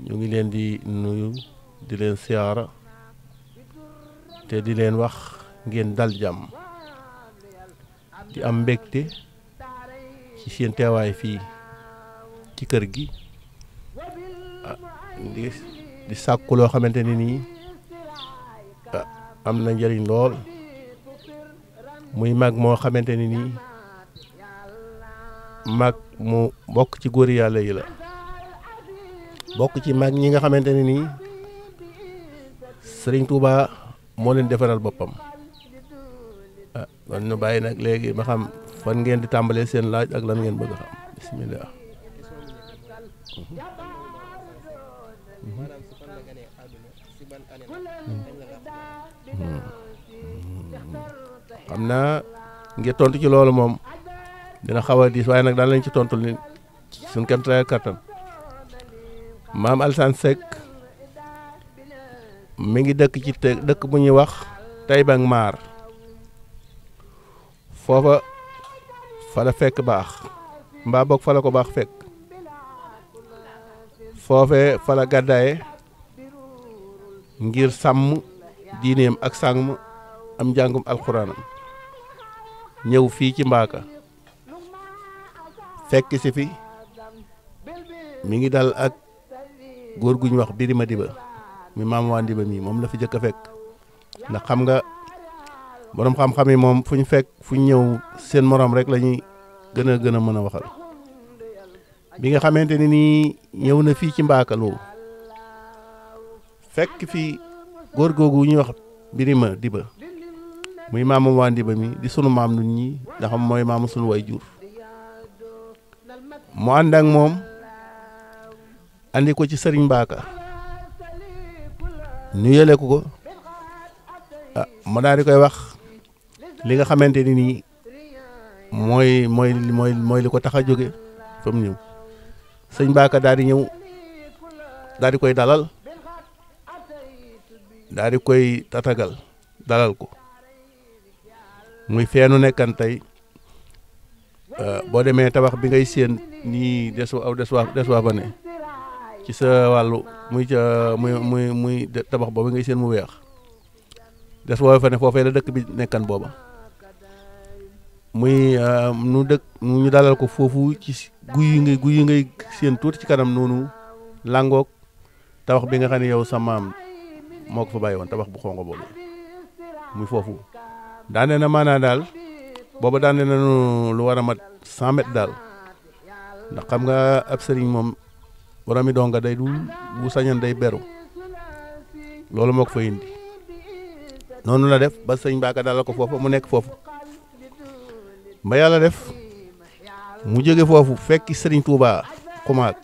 ñu ngi leen di nuyu di leen siyaara te di leen wax ngeen dal jàmm di am mbégte ci seen teewaay fii ci kër gi ah, di di sàkku loo xamante ne nii ah, am na njëriñ lool muy mag moo xamante ni nii mag mu bokk ci góor yàlla yi la Bok ci mag ñi nga xamanteni ni serigne Touba mo leen defal bopam ah kon ñu bayyi nak legi ma xam fan ngeen di tambalé seen laaj ak lan ngeen bëgg xam bismillah. xam naa tontu ci loolu moom dina xaw a diis waaye nag daan lañ ci tontu ni suñ kenn kattan. maam Alassane Seck mi ngi dëkk ci dëkk bu ñuy wax Taïba Maar foofa fa la fekk baax mbaa boog fa ko baax fekk foofee fa la gàddaaye ngir sàmm diineem ak sàmm am njàngum alxuraanam ñëw fii ci Mbaaka fekk si fi mi ngi dal ak góor gu ñu wax birima diba mi mam wa diba mi mom la fi jëk fek na ndax xam nga borom xam-xam yi mom fuñ fek fekk fu ñu seen morom rek la gëna gëna mëna waxal bi nga xamanteni ni ñew na fi ci mbakalu fek fi gor gogu ñu wax birima diba muy mam wa diba mi di sunu mam nu ñi xam moy mam sunu wayjur mu ànd andi ko ci sëriñ baaka ñu yëleeku ko ah ma daal di koy wax li nga xamante ni nii mooy mooy mooy mooy li ko tax a jóge fa mu ñëw sëñ Mbaaka daal di ñëw daal koy dalal daal koy tatagal dalal ko muy feenu nekkan tey ah, boo demee tabax bi ngay séen nii des aw des des waa fa ne ci sa wàllu muy ca muy muy tabax boobu ngay seen mu weex des woowe fa ne foofee dëkk bi nekkan booba muy euh, nu dëkk ñu dalal ko foofu ci guy yi guy yi ngay seen tuuti ci kanam noonu langook tabax bi nga xam ne yow sa maam moo ko fa bàyyi woon tabax bu xongo boobu muy foofu daane na maanaa daal booba daane na nu lu war a mat samet daal ndax xam nga ab sëriñ moom boromi donga day du bu sañan day beru loolu moo ko fa indi noonu la def ba sëñ Mbaaka dalal ko foofu mu nekk foofu ba yàlla def mu jóge foofu fekk sëriñ Touba xumaag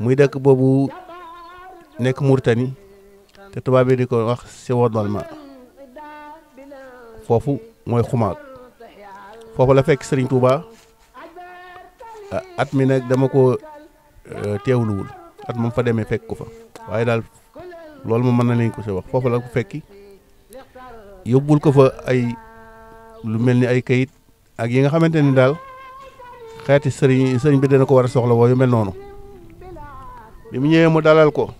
muy dëkk boobu nekk Murtani te tubaab bi di ko wax si ma foofu mooy xumaag foofu la fekk sëriñ Touba at mi dama ko Euh, teewluwul at moom fa demee fekk ko fa waaye daal loolu moom mën na leen ko si wax foofu la ko fekki yóbbul ko fa ay lu mel ni ay kayit ak yi nga xamante ni daal xeeti sëriñ sëriñ bi dana ko war a soxla woo yu mel noonu bi mu ñëwee mu dalal ko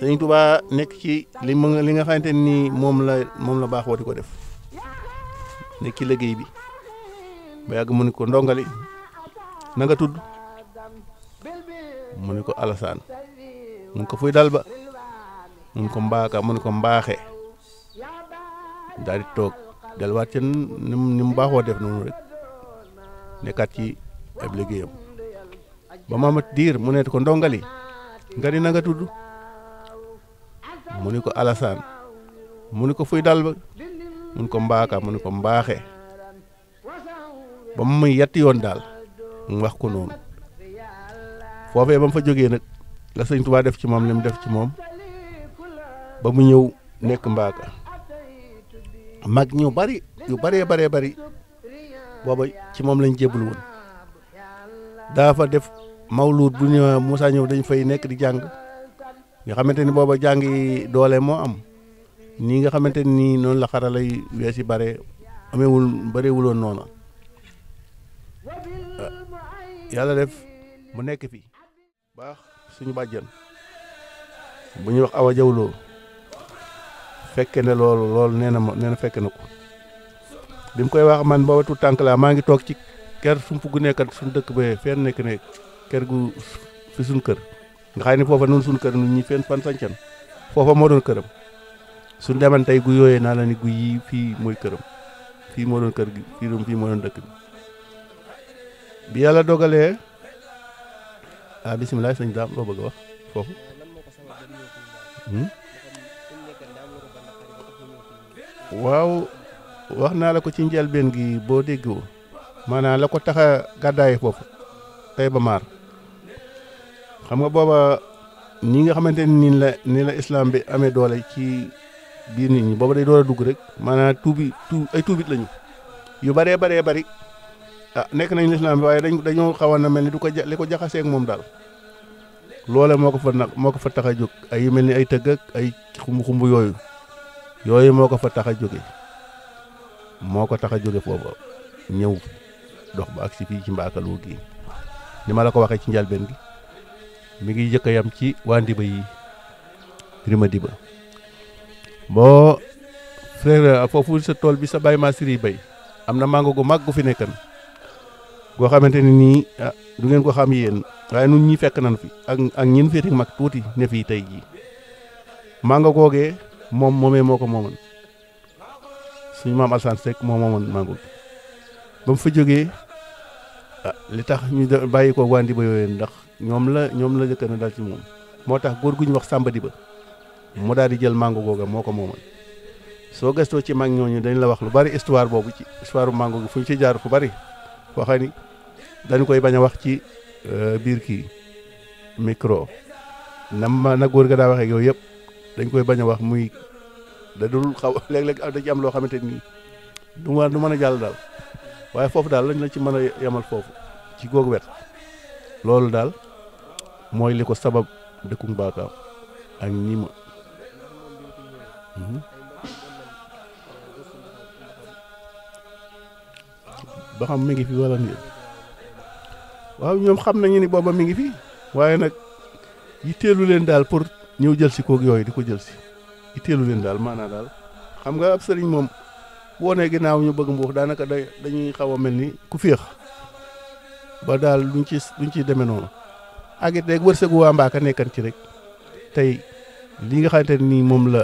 sëriñ Tuubaa nekk ci li li nga xamante ni moom la moom la baax wooti ko def nekk ci liggéey bi ba mu ni ko ndongali na nga mu ni ko Alassane mu ko fuy dal ba mu ko mbaaka mu ni ko mbaaxe daal toog delluwaat ci ni mu ni mu baaxoo def noonu rek nekkaat ci ab liggéeyam ba maamat diir mu ne ko ndongali nga ni na nga tudd mu ne ko Alassane mu ni ko fuy dal ba mu ko mbaaka mu ni ko mbaaxe ba mu muy yetti yoon daal mu wax ko noonu. foofee ba mu fa jógee nag la sëñ Tuubaa def ci moom li def ci moom ba mu ñëw nekk mbaaka mag ñu bari yu baree baree bari booba ci moom lañ jébul woon daa fa def mawluut bu ñu Moussa ñëw dañ fay nekk di jàng nga xamante ni booba jàng doole moo am nii nga xamante ni noonu la xaralay wees yi bare amewul barewuloon noonu yàlla def mu nekk fi suñu bàjjen bu ñuy wax awa jawloo fekke ne loolu loolu nee na ma nee na fekke na ko bi mu koy wax man booba tu tànk laa maa ngi toog ci ker sump gu nekkat suñu dëkk bee fen nekk ne ker gu fi suñ kër nga xam ne foofa noonu suñ kër ñi fenn fan sancan foofa moo doon këram suñ deman tey gu yooyee naa la ni gu yii fii mooy këram fii moo doon kër gi fii doon fii moo doon dëkk bi bi dogalee ah bisimilah sëñ daam loo bëgg a wax foofu. Hmm? waaw wax naa la ko ci njëlbeen gi boo déggoo maanaam la ko tax a gàddaay foofu tey ba maar xam nga booba ñi nga xamante ni nii la nii la islam bi amee doole ci biir nit ñi booba day door dugg rek maanaam tuubi tu ay tuubit lañu yu baree baree bari Ah, nek nañ l'islam bi waaye dañ dañu xawana melni mel ni du ko li ko jaxaseeg moom daal loola moo fa nak moko fa tax juk ay mel ni ay teug ak ay xum xum yooyu yooyu moo ko fa tax jogé moko moo jogé fofu ñew dox ba ak ci fi ci mbaakalu gi ni mala ko waxe ci ben gi mi ngi jëkk yam ci wandi ba yi rima diba bo frère fofu ci tol bi sa bay ma siri bay amna mangugo maggu fi nekkan goo xamante ne nii ah du ngeen ko xam yeen waaye nun ñi fekk nañ fi ak ak ñin féeti mag tuuti ne fii tey jii maa nga googee moom moomee moo ko moomoon suñu maam Alsaan Seck moo moomoon màngul ba mu fa jógee ah li tax ñu bàyyi ko waa Ndiba yooyu ndax ñoom la ñoom la jëkk na ci moom moo tax góor gu ñu wax Sàmba ba mu daal di jël màngo googa moo ko moomoon soo gëstoo ci mag ñooñu dañ la wax lu bari histoire boobu ci histoire bu màngo gi fu ñu ci jaar fu bari koo xam koy bañ a wax ci euh, biir kii micro na ma na góor ga daa waxee ak yow yëpp dañ koy bañ a wax muy da dul xaw loo xamante ni du ma du mën a jàll daal waaye foofu daal lañ la ci mën a yemal foofu ci googu wet loolu daal mooy li ko sabab dëkku Mbakaw ak ñi ba xam mi ngi fi wala nii waaw ñoom xam nañu ni booba mi ngi fi waaye nag yitteelu leen daal pour ñëw jël si koog yooyu di ko jël si yitteelu leen daal maanaa daal xam nga ab sëriñ moom woonee ginnaaw ñu bëgg mbuux daanaka da dañuy xaw a mel ni ku féex ba daal duñ ci duñ ciy demee noonu ak it rek wërsëgu waa Mbaaka nekkan ci rek tey li nga xamante nii moom la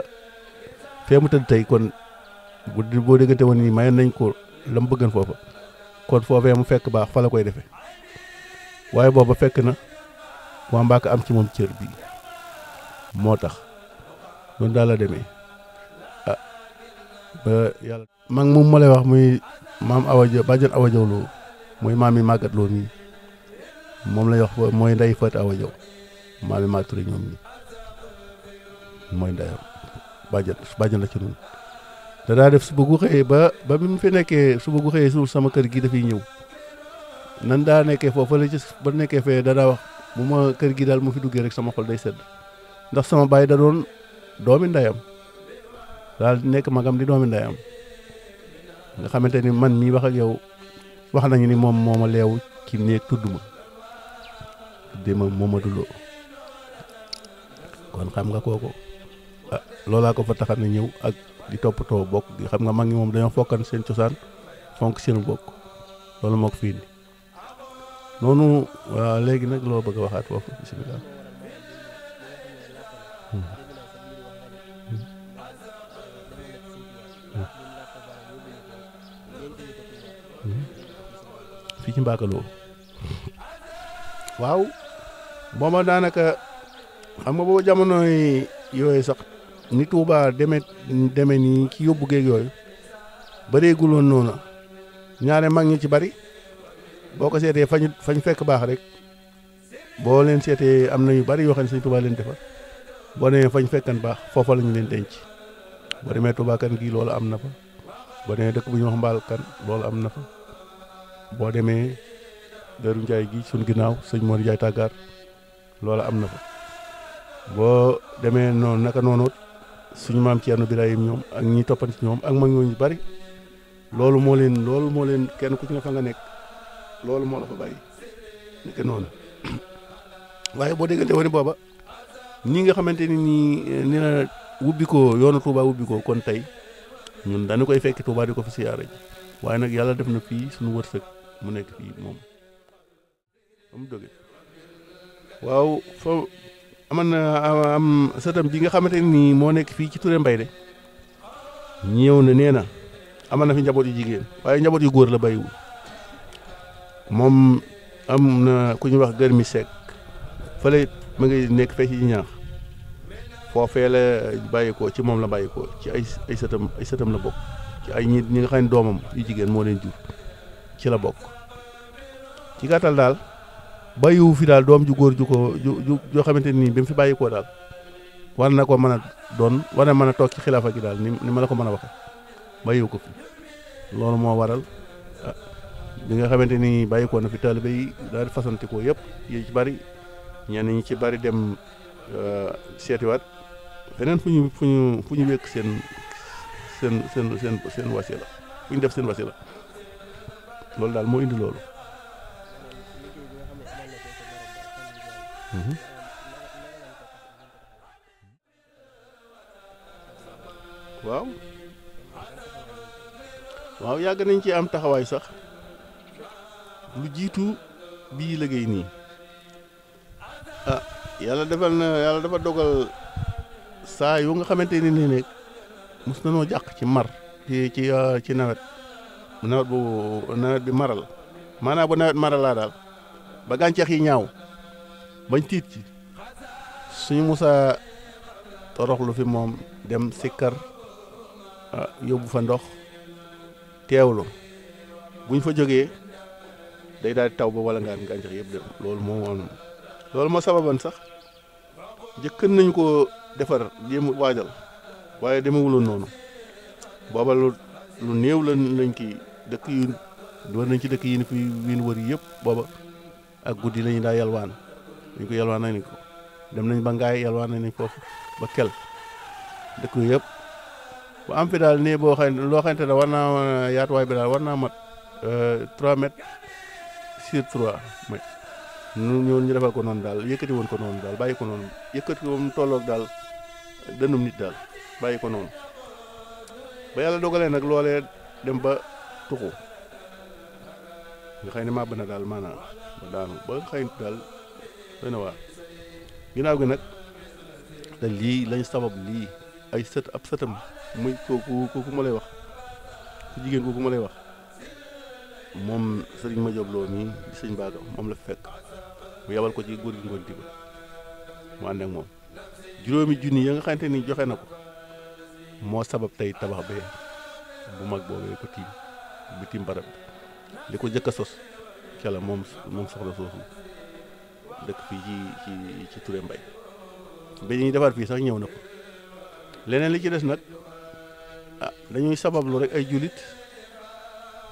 fee mu tey kon bu boo déggante woon nii mayoon nañ ko lam bëggan foofa kon foofee mu fekk baax fa koy defee waaye booba fekk na waa Mbacke am ci moom cër bi moo tax noonu daal la demee ah ba ma lay wax muy maam Awa Diop bàjjen loo muy maam yi màggat loo nii moom lay wax mooy nday Faat Awa Diop maam yi màggat ñoom nii mooy ndeyam bàjjen bàjjen la ci noonu. da def suba gu xëyee ba ba bi mu fi nekkee suba gu xëyee sama kër gi dafiy ñëw nan daa nekkee foofu la ci ba nekkee fee danaa wax bu ma kër gi daal mu fi duggee rek sama xol day sedd ndax sama baay da doon doomi ndayam daal nekk magam di doomi ndayam nga xamante ni man mii wax ak yow wax nañu ni moom moo ma leew ci néeg tudd ma tuddee ma moo ma dulloo kon xam nga kooku ah, ko fa taxam ne ak di toppatoo bokk gi xam nga mag ñi moom dañoo fokkan seen cosaan fonk seen bokk loolu moo ko noonu waaw léegi nag loo bëgg a waxaat foofu ci Mbacaloo waaw mooma daanaka xam nga boobu jamonoy yooyu sax. ni Touba demee demee nii ci yóbbu géeg yooyu bareeguloon noonu ñaare mag ñi ci bari boo ko seetee fañ fañ fekk baax rek boo leen seetee am na yu bari yoo xam ne Sëñ Touba leen defar boo demee fañ fekkan baax foofa lañ leen denc boo demee Touba kan gii loolu am na fa boo demee dëkk bu ñuy wax mbaal kan loolu am na fa boo demee Dëru Njaay gi suñ ginnaaw sëñ Mor Njaay tàggaar loolu am na fa boo demee noonu naka noonu suñu maam Thierno Birahim ñoom ak ñi toppandi ci ñoom ak mag ñooñu bari loolu moo leen loolu moo leen kenn ku ci ne fa nga nekk loolu moo la fa bàyyi nekk noonu waaye boo déggante woon booba ñi nga xamante ni nii eh, nee na wubbi ko yoonu Touba kon tey ñun dañu koy fekki Touba di ko fi siyaare ji waaye nag yàlla def na fii suñu wërsëg mu nekk fii moom. waaw aman euh, am sëtam ji nga xamante nii moo nekk fii ci Touré Mbay de ñëw na nee na aman na fi njaboot yu jigéen waaye njaboot yu góor la bàyyiwul moom am na ku ñuy wax gër mi sekk fële ma ngi nekk fee ci ñaax foofee la bàyyikoo ci moom la bàyyikoo ci ay ay sëtam ay sëtam la bokk ci ay ñii ñi nga xam ne doomam yu jigéen moo leen jur ci la bokk ci gàttal daal bàyyiwu fi daal doom ju góor ju ko ju joo xamante nii bi mu fi bàyyi koo daal war na ko mën a doon war na mën a toog ci xilaafa ji daal ni ni man a ko mën a waxee bàyyiwu ko fi loolu moo waral ah, bi nga xamante ni bàyyi koo na fi taalibe yi daal di fasantikoo yëpp yi ci bari ñenn ñi ci bari dem ah, seetiwaat feneen fu ñu fu ñu fu ñu wékk seen seen seen seen seen wasila fu ñu def seen wasila loolu daal moo indi loolu waaw waaw yàgg nañ ci am taxawaay sax lu jiitu bii liggéey nii ah, yàlla defal na yàlla dafa dogal saa yu nga xamante ni ne nekk mos na noo jàq ci mar ci ci ah, nawet nawet bu nawet bi maral maanaam bu nawet maralaa daal ba gàncax yi ñaaw bañ tiit ci suñu musaa lu fi moom dem sikkar ah, yóbbu fa ndox teewlu buñ fa jógee day daal di taw ba wala ngaan gàncax yëpp dem loolu moo woon loolu moo sababan sax jëkkën nañ ko defar jéem waajal waaye demewuloon noonu booba lu lu néew la lañ ki dëkk yu war nañ ci dëkk yi ni fi wiin wër yëpp booba ak guddi lañu daa yalwaan dañ ko yalwaan nañ ko dem nañ ba ngaay yalwaan nañ ko ba kel dëkk yëpp bu am fi daal nii boo xam ni loo xamante ne war naa yaatuwaay bi daal war naa mat 3 euh, mètres sur 3 mètres ñu ñëw ñu defal ko noonu daal yëkkati woon ko noonu daal bàyyi ko noonu yëkkati mu tolloog daal dënum nit ko noonu ba yàlla dogalee nag loolee dem ba tuxu nga xëy ne màbb na daal maanaam ba daanu ba xëy daal. doy ginnaaw gi nag te lii lañ sabab lii ay sët ab sëtam muy kooku kooku ma lay wax ku jigéen kooku ma lay wax moom sëriñ ma jobloo mi di sëñ baaga moom la fekk mu yabal ko ci góor gi ngoon diba mu ànd moom juróomi junni ya nga xamante ni joxe na ko moo sabab tey tabax bee bu mag boobee ko tiim bi tiim barab li ko jëkk a sos ca la moom moom soxla soosu dëkk fii ci ci ci Touré Mbay ba ñuy defar fii sax ñëw na ko leneen li ci des nag ah dañuy sabablu rek ay jullit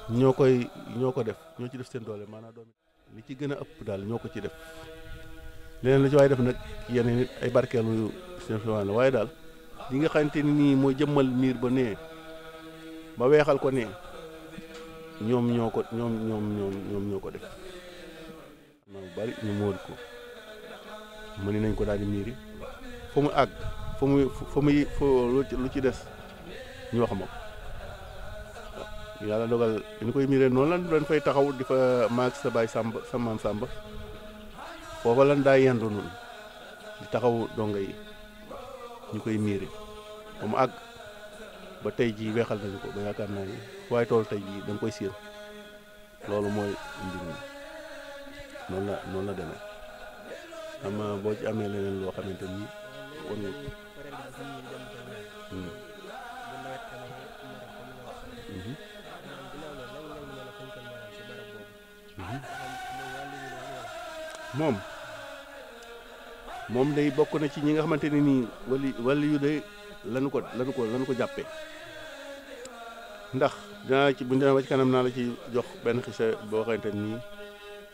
ñoo koy ñoo ko def ñoo ci def seen doole maanaam doom li ci gën a ëpp daal ñoo ko ci def leneen la ci waaye def nag yeneen nit ay barkeelu seen la waaye daal li nga xamante nii mooy jëmmal miir ba nee ba weexal ko nee ñoom ñoo ko ñoom ñoom ñoom ñoom ñoo ko def mooy bari ñu móol ko mën nañ ko daal di miiri fa mu àgg fa muy fa muy lu ci des ñu wax ma ko yàlla dogal ñu koy miiree noonu lan dañ fay taxaw di fa maag sa baay sàmba sàmba foofa lan daa yendu noonu taxaw donga yi ñu koy miiree fa àgg ba tey jii weexal nañu ko ba yaakaar naa ni waaye tool tey jii da koy siir loolu mooy mbir mi noonu la noonu la demee boo ci amee leneen loo xamante ni war nga hmm. Hmm. Hmm. moom moom day bokk na ci ñi nga xamante ni nii wali wali yu day lanu ko lanu ko lanu ko jàppee ndax dinaa ci bu ñu demee ci kanam naa la ci jox benn xisa boo xamante nii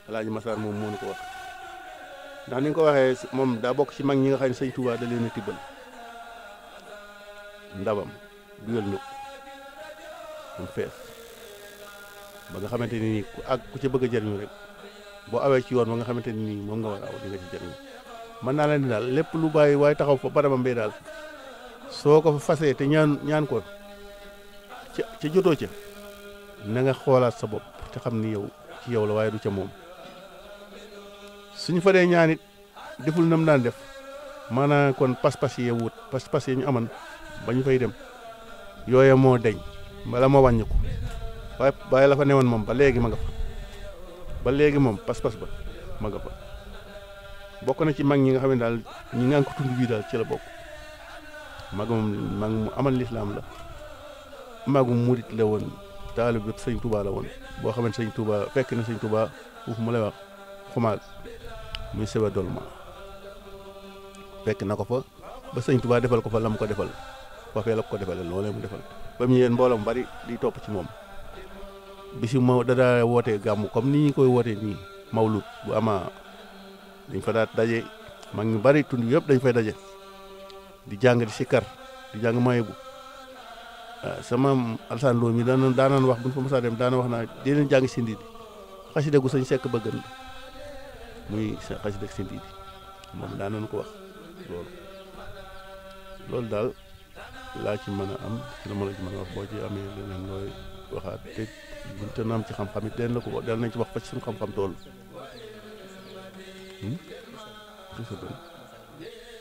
alaaji Masaar moom moo ñu ko wax ndax ni ko waxee moom daa bokk ci mag ñi nga xam ne Tuubaa da leen a tibbal ndabam duyal ñu mu fees ba nga xamante ni nii ak ku ci bëgg a jëriñu rek boo awee ci yoon ba nga xamante ni nii moom nga war di nga ci jëriñu mën naa leen daal lépp lu bàyyi waaye taxaw fa barabam bee daal soo ko fa fasee te ñaan ñaan ko ca ca jotoo ca na xoolaat sa bopp te xam ni yow ci yow la waaye du ca moom. suñ fa dee ñaan it nam daan def maanaam kon pas-pas yee wut pas-pas yee ñu aman ba ñu fay dem yooya moo deñ bala moo wàññi ko waaye waaye la fa newoon moom ba léegi ma nga fa léegi moom pas-pas ba ma nga bokk na ci mag ñi nga xam ne daal ñi ngaan ko tund daal ci la bokk mag moom mag mu amal lislaam la magu murit la woon taalib bi sëñ Touba la woon boo xam ne sëñ fekk na sëñ Touba foofu mu lay wax xumaal muy sewa dolma fekk na ko fa ba sëñ tuba defal ko fa lam ko defal fafee la ko defal loolee mu defal ba mu yéen bari di top ci mom bisu ma da wote gamu comme ni ñi koy wote ni mawlud bu ama dañ fa daat dajé ma ngi bari tundu yëpp dañ fay dajé di jang di sikar di jàng mayebu ah, sama alsan lo mi danan na wax bu fa mësa dem na wax na di leen jàng sindi xasi degu sëñ sekk bëggan muy sa de ak moom daa nañu ko wax loolu loolu daal laa ci mën a am ci la ma la ci mën a wax boo ci amee leneen looy waxaat te buñ te naam ci xam-xam it den ko wax dal nañ ci wax fa ci suñu xam-xam tool hmm?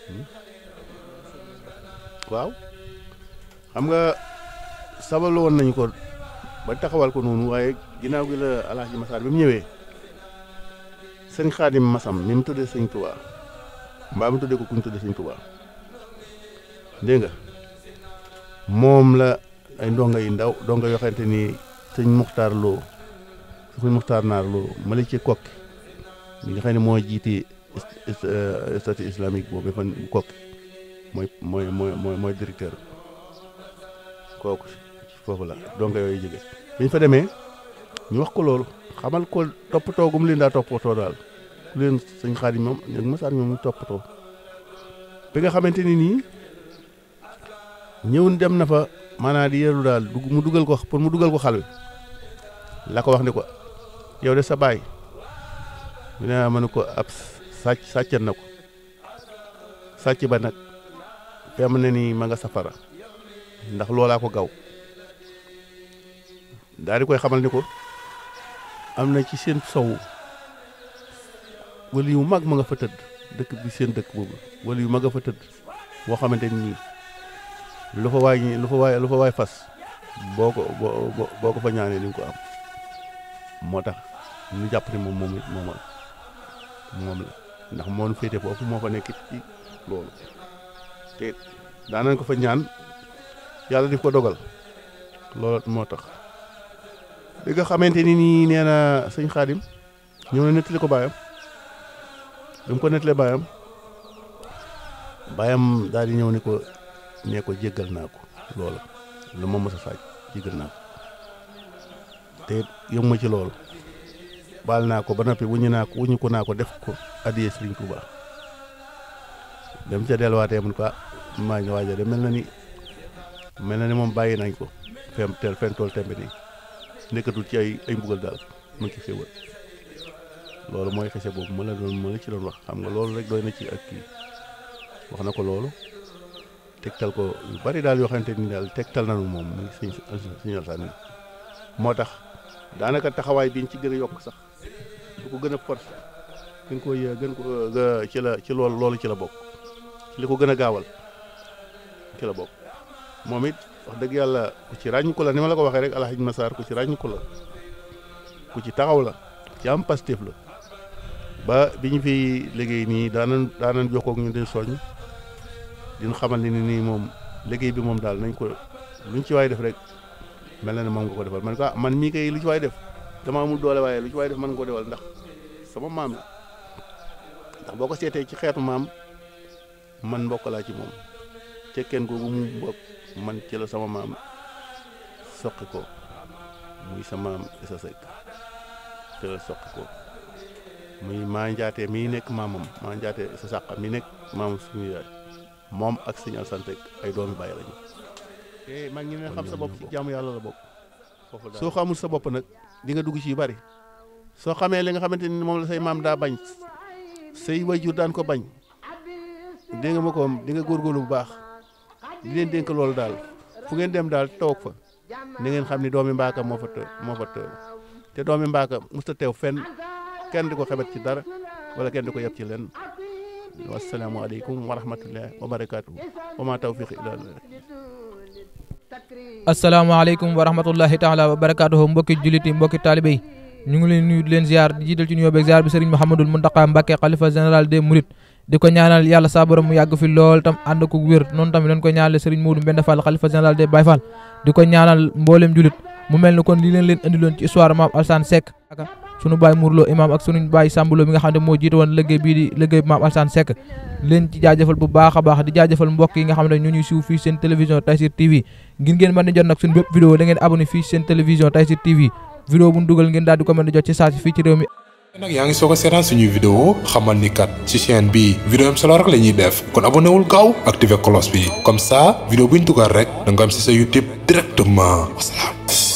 hmm? waaw xam nga sabal woon nañ ko ba taxawal ko noonu waaye ginnaaw gi la alaaji masaar bi mu ñëwee sëñ xaadim masam mi mu tuddee sëñ tubaa mbaa mu tuddee ko ku ñu tuddee sëñ tubaa dégg nga moom la ay ndongo yu ndaw ndongo yoo xamante ni sëñ muxtaar loo sëñ muxtaar naar loo mali ci kokki mi nga xam ne moo jiite euh, statut islamique fan kokki mooy mooy mooy mooy directeur kooku foofu la ndongo yooyu jóge biñ fa ñu wax ko loolu xamal ko toppatoo gum leen daa toppatoo daal leen sëñ xaari moom ñoom masaar ñoom toppatoo bi nga xamante ni nii ñëw dem na fa maanaa di yeru daal mu dugal ko pour mu dugal ko xal la ko wax ni ko yow de sa baay mu ne ah, ma ko ab sàcc sàccan na ko sàcc ba nag ni ma nga safara ndax loolaa ko gaw dari di koy xamal ni ko am na ci seen sow wala yu mag ma nga dëkk bi seen dëkk boobu wala yu mag a fa tëdd boo xamante ni lu fa waay lu fa waay lu fa waay fas boo ko boo ko fa ñaanee di ko am moo tax ñu jàpp ne moom moom it moomal moom la ndax moo nu féete foofu moo fa nekk ci loolu te daanañ ko fa ñaan yàlla di ko dogal loolu moo tax. bi nga xamante ni nii nee na sëñ Xaadim ñëw ko baayam bi ko nettalee baayam baayam daal di ñëw ni ko nee ko jéggal naa ko loolu lu ma mos a na ko te yëg ma ci loolu baal naa ko ba noppi wuñu naa ko wuñu ko naa ko def ko addiyee Sëriñ Tuubaa dem ca delluwaatee mun ko ah, maa ngi waaj a de mel na ni mel na ni moom bàyyi nañ ko fem teel fentool tembe nii nekkatul ci ay ay mbugal daal mu ngi ci xéwal loolu mooy xese boobu ma la doon ma la ci doon wax xam nga loolu rek doy na ci ak kii wax na ko loolu tegtal ko yu bari daal yoo xamante ni daal tegtal nañu moom mu ngi sëñ sëñ Alsaan moo tax daanaka taxawaay biñ ci gën a yokk sax du ko gën a force gën ko gën ko ci la ci loolu loolu ci la bokk ci li ko gën a gaawal ci la bokk moom it wax deug yalla ku ci ko la nima la ko waxe rek alxaj masar ku ci ko la ku ci taxaw la ci am pastif la ba liggey ni fi liggéey da daanan jox ko ñu di soñ din xamal ni ni mom liggey bi mom dal nañ ko lu ci way def rek mel na nga ko defal man ko man mi kay lu ci way def dama amul doole waye lu ci way def man nga ko defal ndax sama mam, ndax boko sété ci xéetu mam man mbokk la ci mom ci googu gogum man ci sama maam soqi ko muy sa maam Issa Seck te la soqi ko muy maa njaatee mii nekk maamam maa njaate Issa Saqa mii nekk maamam suñu yaay moom ak sëñ Alsaan Seck ay doomi bàyyi lañu te mag ñi ne xam sa bopp ci jaamu yàlla la bokk soo xamul sa bopp nag di nga dugg ci bari soo xamee li nga xamante ni moom la say maam daa bañ say wayjur daan ko bañ dégg nga ma ko di nga bu baax di leen dénk loolu daal fu ngeen dem daal toog fa na ngeen xam ni doomi mbaaka moo fa moo fa te doomi mbaaka musta teew fenn kenn di ko xebet ci dara walla kenn di ko yeb ci lenn wasalaamualeykum wa rahmatulah wa barakaatu wa ma tawfiq illa billah asalaamaaleykum wa rahmatullahi taala wa barakaatuhu mbokki jullit yi mbokki taalibe yi ñu ngi leen nuyu di leen ziar di jiital ci nuyoo beeg ziar bi Serigne Mouhamadoul Mountakha Mbacké xalifa général des Mourides di ko ñaanal yàlla saa borom mu yàgg fi lool tam ànd ko wér noonu tamit doon ko ñaanal Serigne Modou Mbenda Fall xalifa général des Baye Fall di ko ñaanal mboolem julit mu mel ni kon li leen leen indiloon ci histoire maam Alsaan Seck ak sunu baay Mourlo imam ak sunu baay Sambulo bi nga xam ne moo jiite woon liggéey bii di liggéey maam Alsaan Seck leen ci jaajëfal bu baax a baax di jaajafal mbokk yi nga xam ne ñu ñuy siiw fii seen télévision Tayssir TV ngir ngeen mën di jot nag suñu bépp vidéo nag yaa ngi soog a seetaan suñuy vidéo xamal ni kat ci chaîne bi vidéo am solo rek la ñuy def kon abonné wul gaaw activé cloche bi comme ça vidéo bu ñu dugal rek da am si sa YouTube directement wasalaam